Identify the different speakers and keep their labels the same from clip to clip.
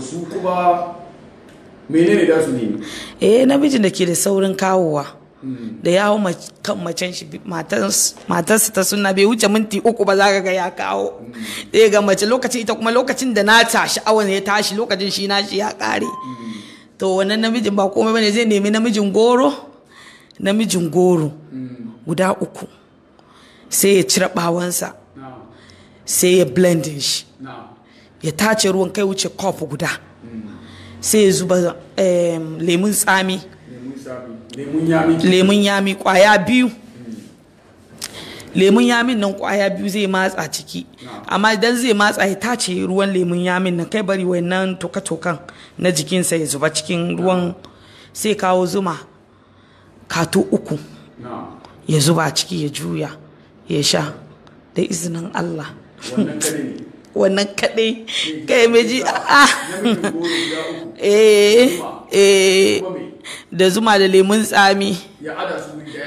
Speaker 1: su kuma menene da su ne eh namijin da ke da saurin kawowa hmm. da ya hau kan macen shi matarsa ta suna bai wuce minti uku ba za ka ga ya kawo hmm. zai ga mace lokacin ita kuma lokacin da na ta sha'awar ya tashi lokacin shi na shi ya kare hmm. to wannan namijin ba komai bane zai nemi namijin goro namijin goro guda uku sai ya cire bawansa sai ya blending shi ya tace ruwan kai wuce kof guda sai ya zuba lemun tsami lemun yami kwaya biyu lemun yamin nan kwaya biyu zai matsa ciki amma idan zai matsa ya tace ruwan lemun yamin nan kai bari wannan toka-tokan na jikinsa ya zuba cikin ruwan sai kawo zuma kato uku ya zuba ciki ya juya ya sha da izinin allah wannan kaɗai eh, kai meji ah. eh, eh. da zuma da lemun tsami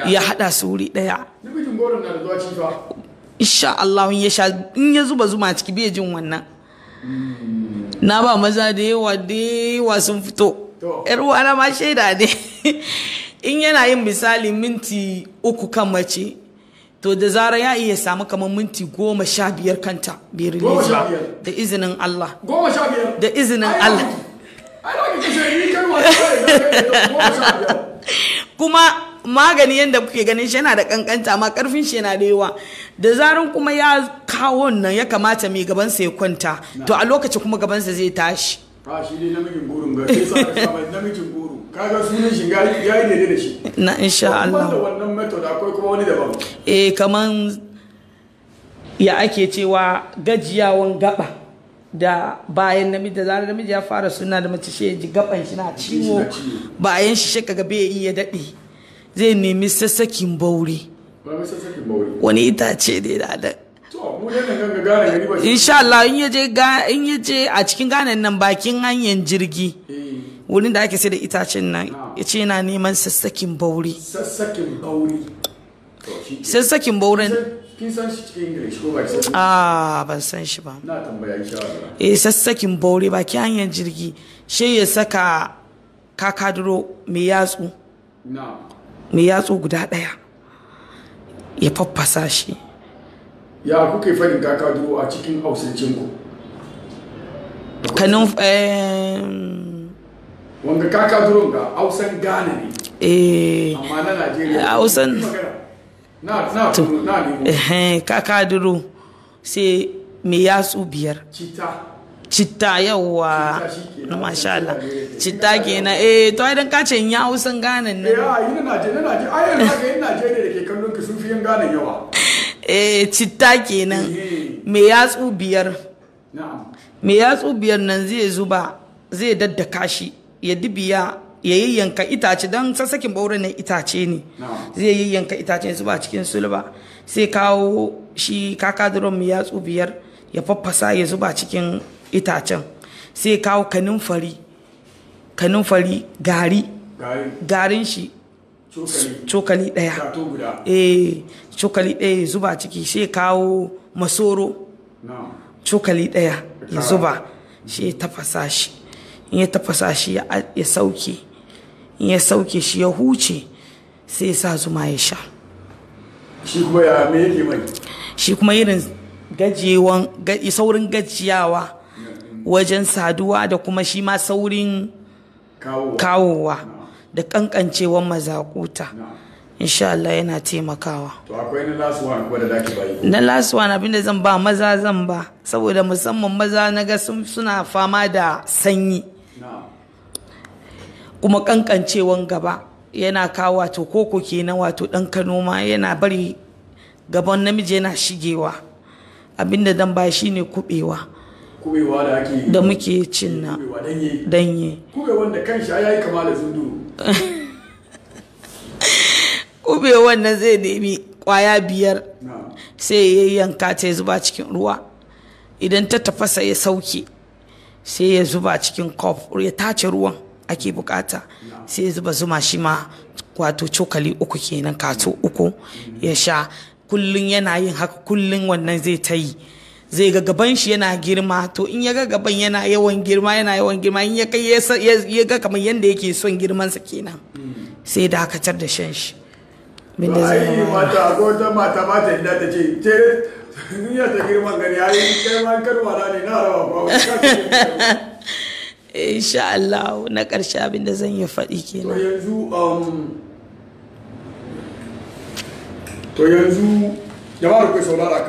Speaker 1: ya hada su wuri daya insha Allah ya sha in ya zuba zuma ciki bai jin wannan na ba maza da yawa da yawa sun fito yar uwana ma shaida ne in yana yin misali minti uku kan mace to da zara ya iya samu kamar minti goma sha biyar kanta bai release ba da izinin Allah goma sha biyar da izinin Allah kuma magani yadda kuke ganin shi yana da kankanta amma karfin shi yana da yawa da zarar kuma ya kawo nan ya kamata mai gabansa ya kwanta to a lokaci kuma gabansa zai tashi shi ya shi na insha Allah akwai kuma wani daban eh kaman ya ake cewa gajiyawan gaba da bayan namiji da zarar namiji ya fara suna da mace shi ji gaban shi na ciwo bayan shi shi kaga bai iya dade zai nemi sassakin baure wani itace dai da da insha Allah in yaje a cikin ganan nan bakin hanyar jirgi eh. wurin da ake sai da itacen nan ya ce yana neman sassakin bauri sassakin bauri sassakin bauren shi ba ah ban san shi ba eh sassakin bauri ba ki hanyar jirgi she ya saka kakaduro mai yatsu mai yatsu guda daya ya faffasa shi ya kuke fadin kakaduro a cikin hausancin ku kanin eh, wanda ka ka duron ga hausan ghana ne eh amma na najeriya hausan na na na ne eh ka ka duro sai me yatsu biyar cita citta yawa na masha Allah citta kenan eh to ai dan kace in ya hausan gane nan eh ai ina naje na naje ai ina ga ina naje da ke kallon ki sun fi yan gane yawa eh citta kenan eh, eh. me yatsu biyar na'am me yatsu biyar nan zai zuba zai daddaka shi ya dibiya ya yayyanka itace don sassakin bauren na itace ne zai yayyanka itace zuba cikin sulba sai kawo shi kakadiron ya yatsu biyar ya faffasa ya zuba cikin itacen sai kawo kanin fari kanin fari gari garin shi cokali daya eh cokali daya ya zuba ciki sai kawo masoro cokali daya ya zuba shi tafasa shi in ya tafasa shi ya sauke in ya sauke shi ya huce sai sa zuma ya sha shi kuma ya mai shi kuma irin gajewan saurin gajiyawa wajen saduwa da kuma shi ma saurin kawowa da kankancewan mazakuta insha Allah yana taimakawa to akwai na last one ko da dake bayi na last one abinda zan ba maza zan ba saboda musamman maza naga sun suna fama da sanyi kuma kankancewan gaba yana kawo wato koko kenan wato kano ma yana bari gaban namiji yana shigewa abinda dan ba shi ne kubewa kubewa da ake da muke cin na danye kubewan da kanshi ya yi kama da zundu kubewan nan zai nemi kwaya biyar sai ya yanka ta ya zuba cikin ruwa idan ta tafasa ya sauke sai ya zuba cikin kof ya tace ruwan ake bukata sai zuba zuma shi ma wato cokali uku kenan kato uku ya sha kullum yana yin haka kullum wannan zai ta yi zai ga gaban shi yana girma to in ya ga gaban yana yawan girma yana yawan girma in ya kai ya ga kamar yadda yake son girmansa kenan sai dakatar da shan shi bin da zai yi mata ko ta mata mata inda ta ce ce duniya ta girman gani yayi kai man karwa ne na rawa ba insha Allah na ƙarshe abin da zan yi faɗi kenan yanzu to yanzu um, jama'ar kai saurara